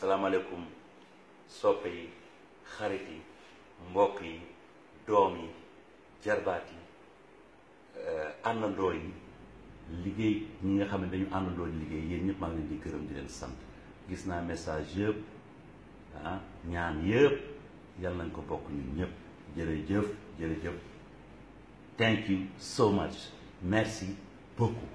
salaamaaleykum soppe yi xarit yi mbokk yi doom yi jarbaat yi euh, àndandoo yi liggéey ñi nga xam ne dañu àndandoo liggéey yéen ñëpp maa ngi di gërëm di leen sant gis naa message yëpp ah, ñaan yëpp yàlla nañ ko bokk ñun ñëpp jërëjëf jëf thank you so much merci beaucoup